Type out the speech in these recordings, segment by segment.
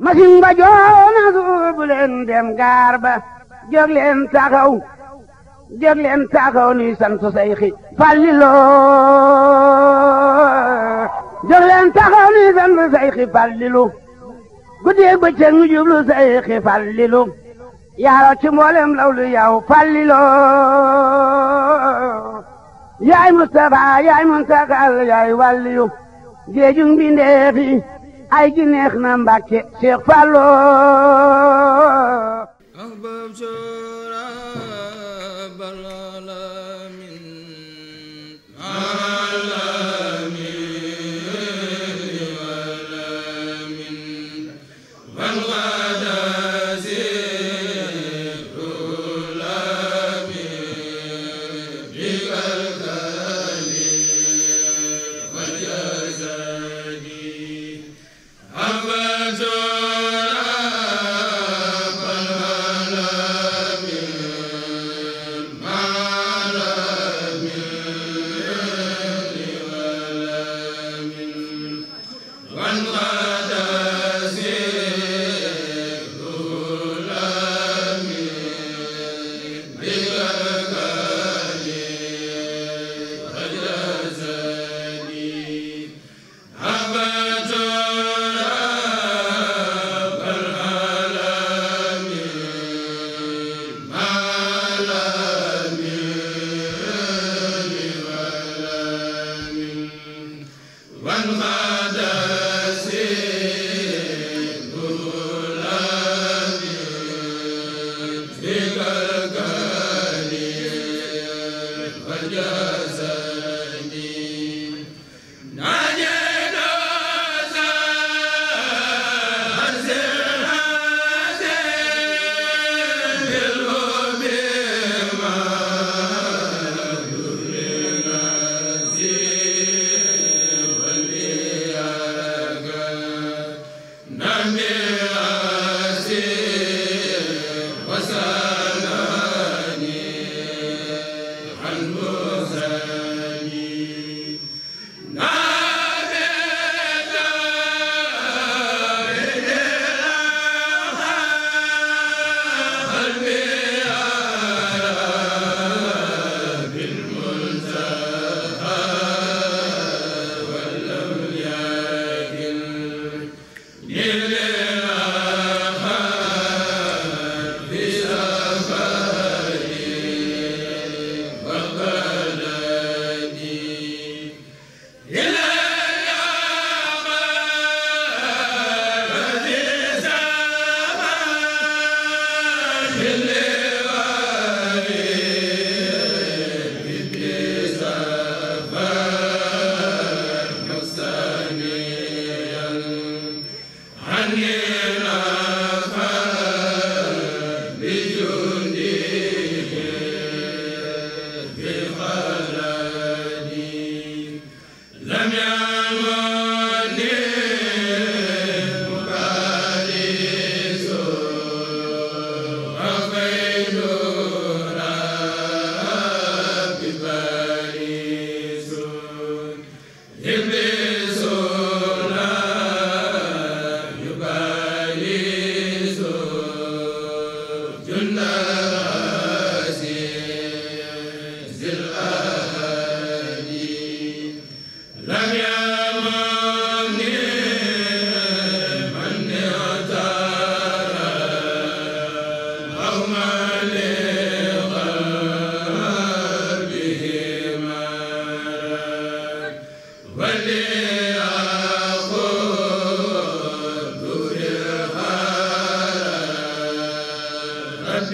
masin ba joona suubu dem gaar ba jóg leen taxaw jóg nuy sant sayxi Fàllilu jóg leen taxaw nuy sant sayxi Fàllilu guddeeg bëccëg nu jublu sayxi Fàllilu yaaroo ci mboolem lawlu yow Fàllilu yaay Mustafa yaay Muntakal yaay wàlliyu géejug mbindeefi ay gi neex na Mbàkke Seex Fallu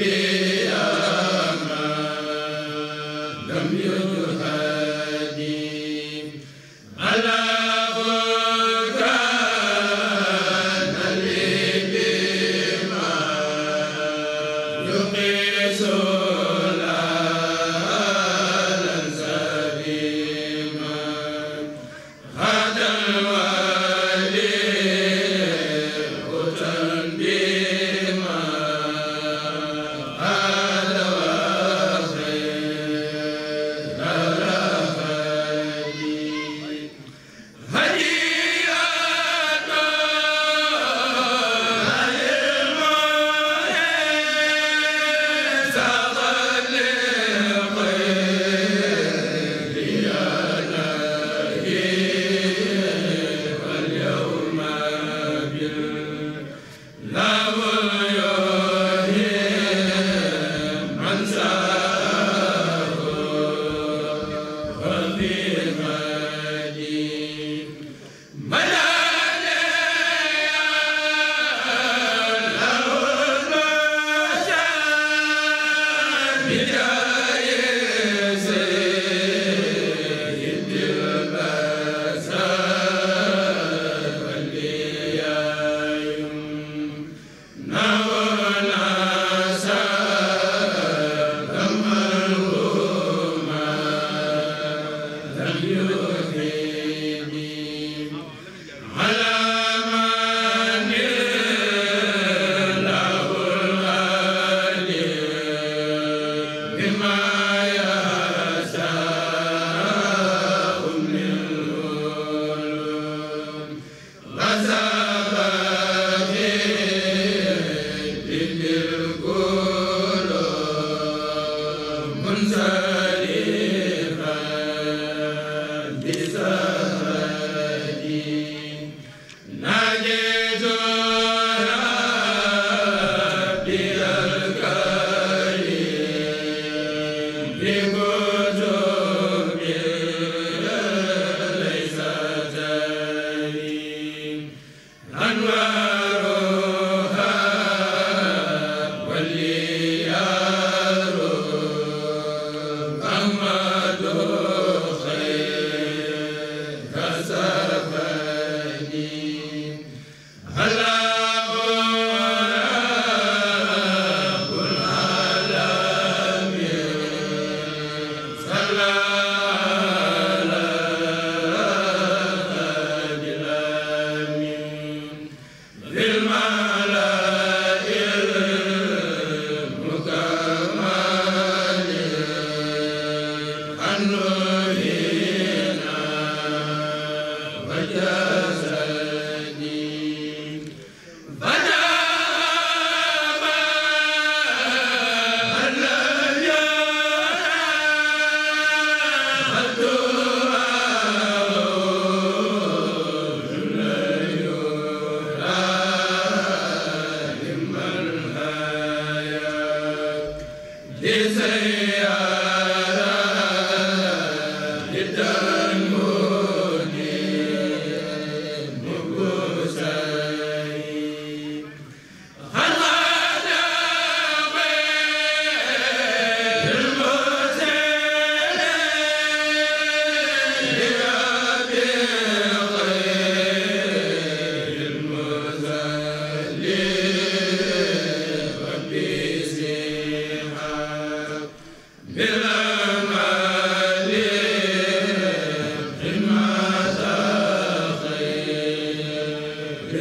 bi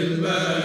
الماء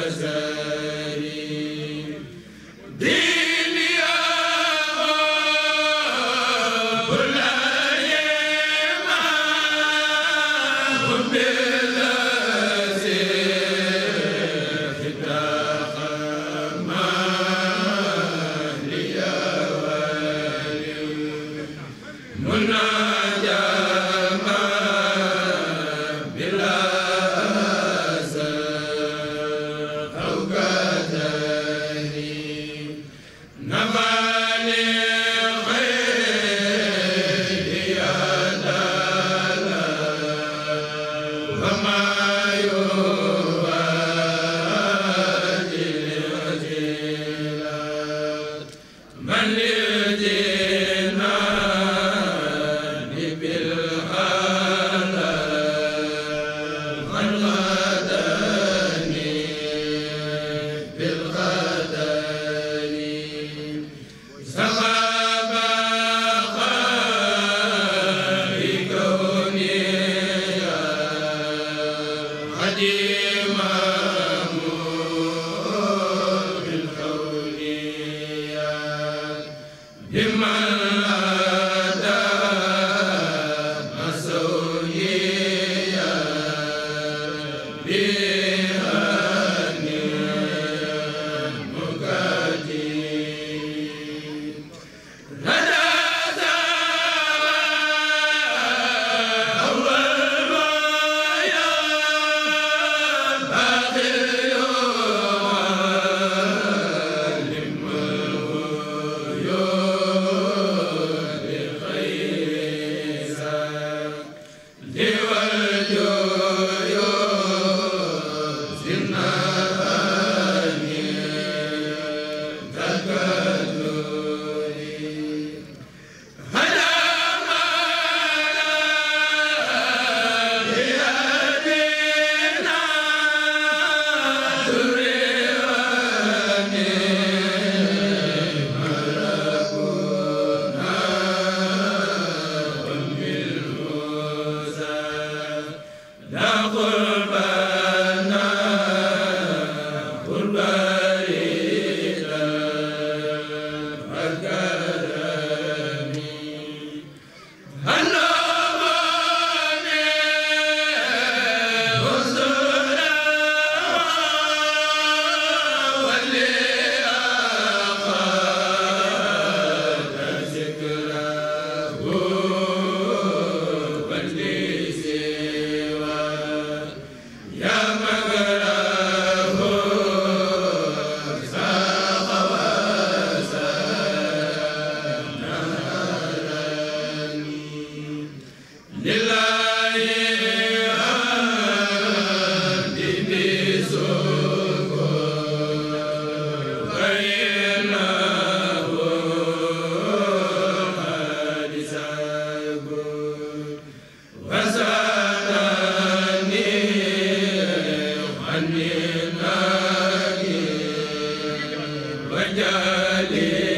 majali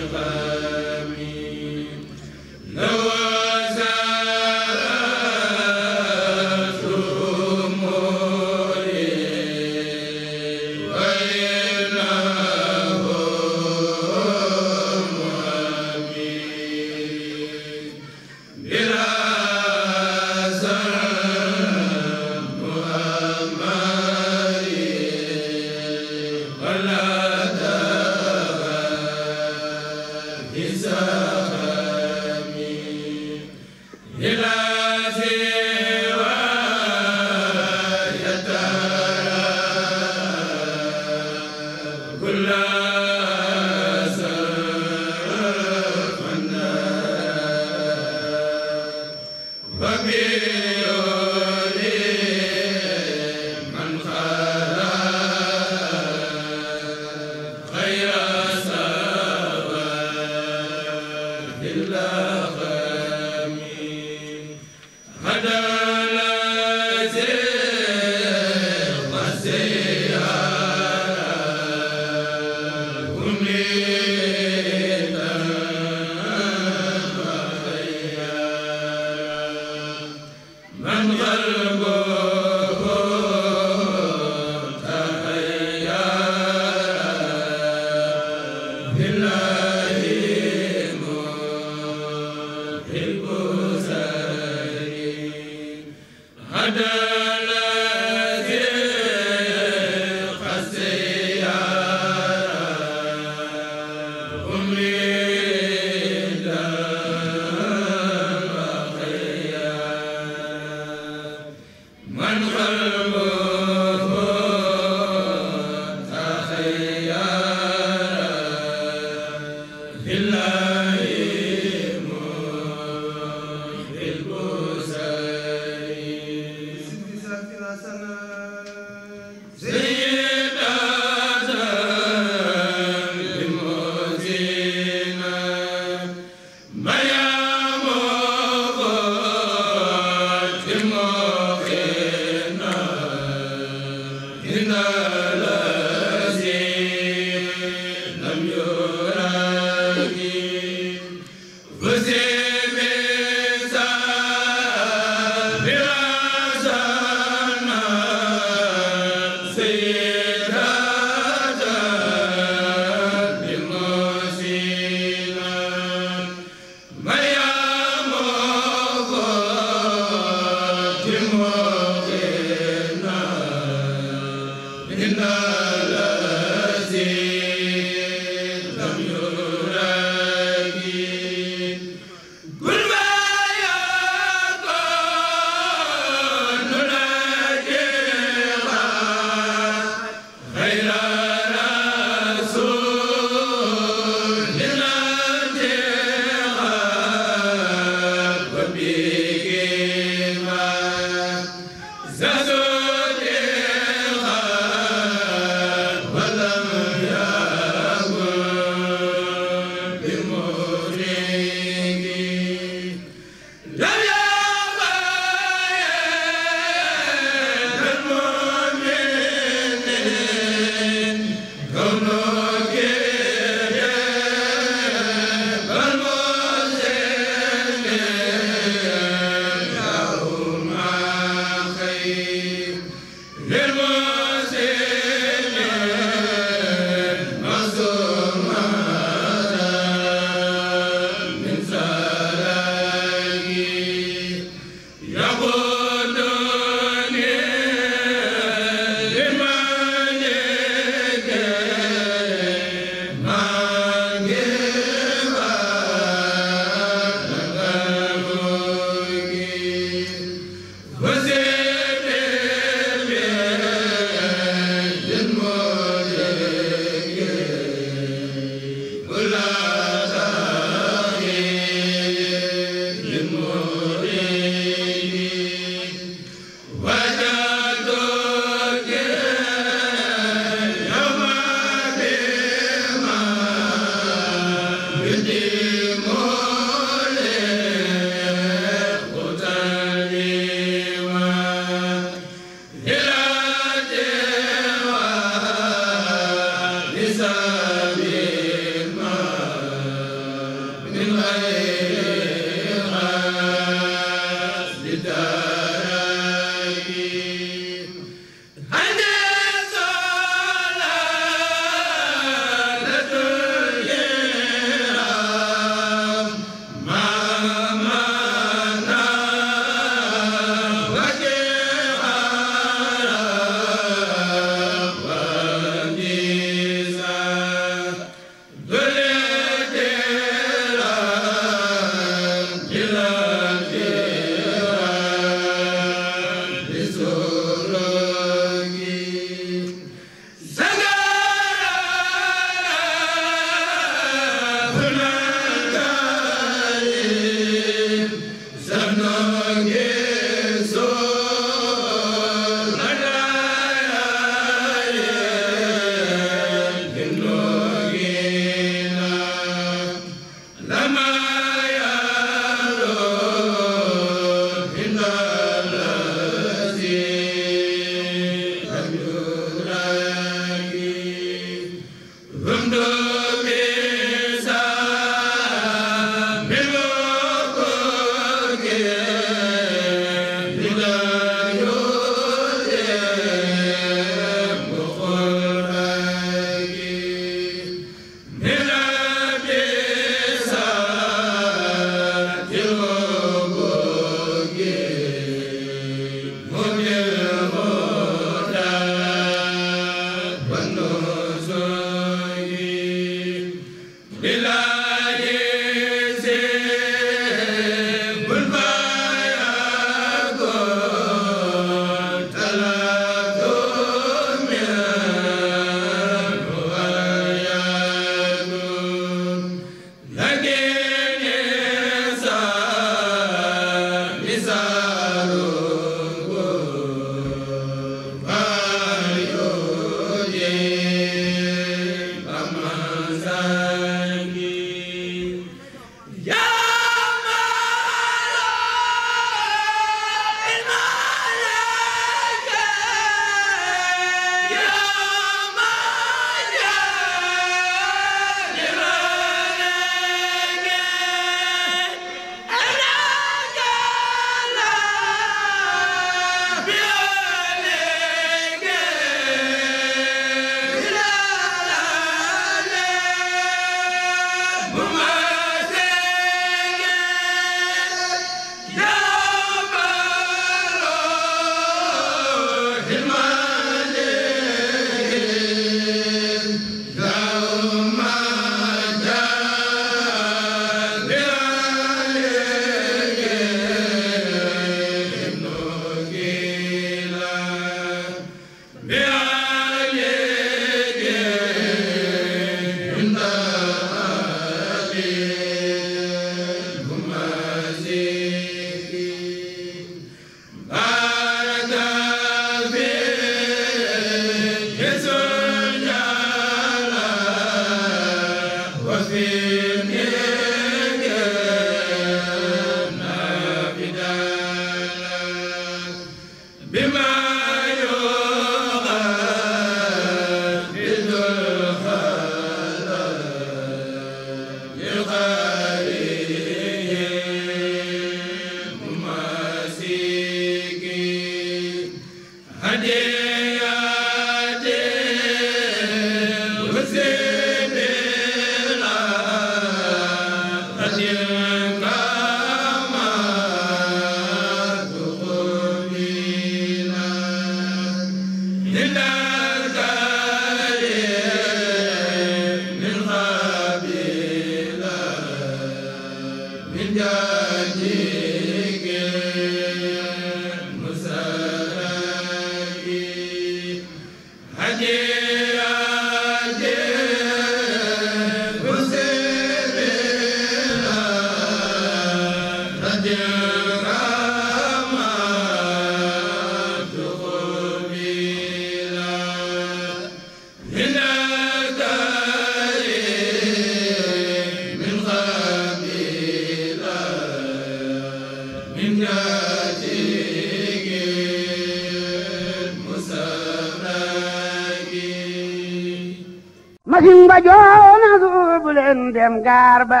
masin ba joona suubu leen dem gaar ba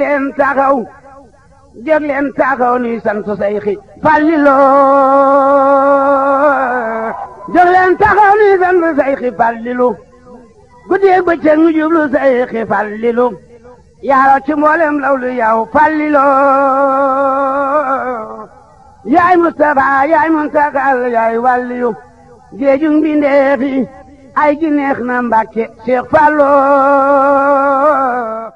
leen taxaw jóg leen taxaw nuy sant Seyxi Fallilo jóg leen taxaw nuy sant Seyxi Fallilu guddeeg bëccëg ñu jublu Seyxi Fallilu yaaraw ci mboolem lawlu yow fallilo yaay Mustafa yaay Muntakal yaay wàlliyu géeju mbindeefi ay gi neex na Mbàkke Fallu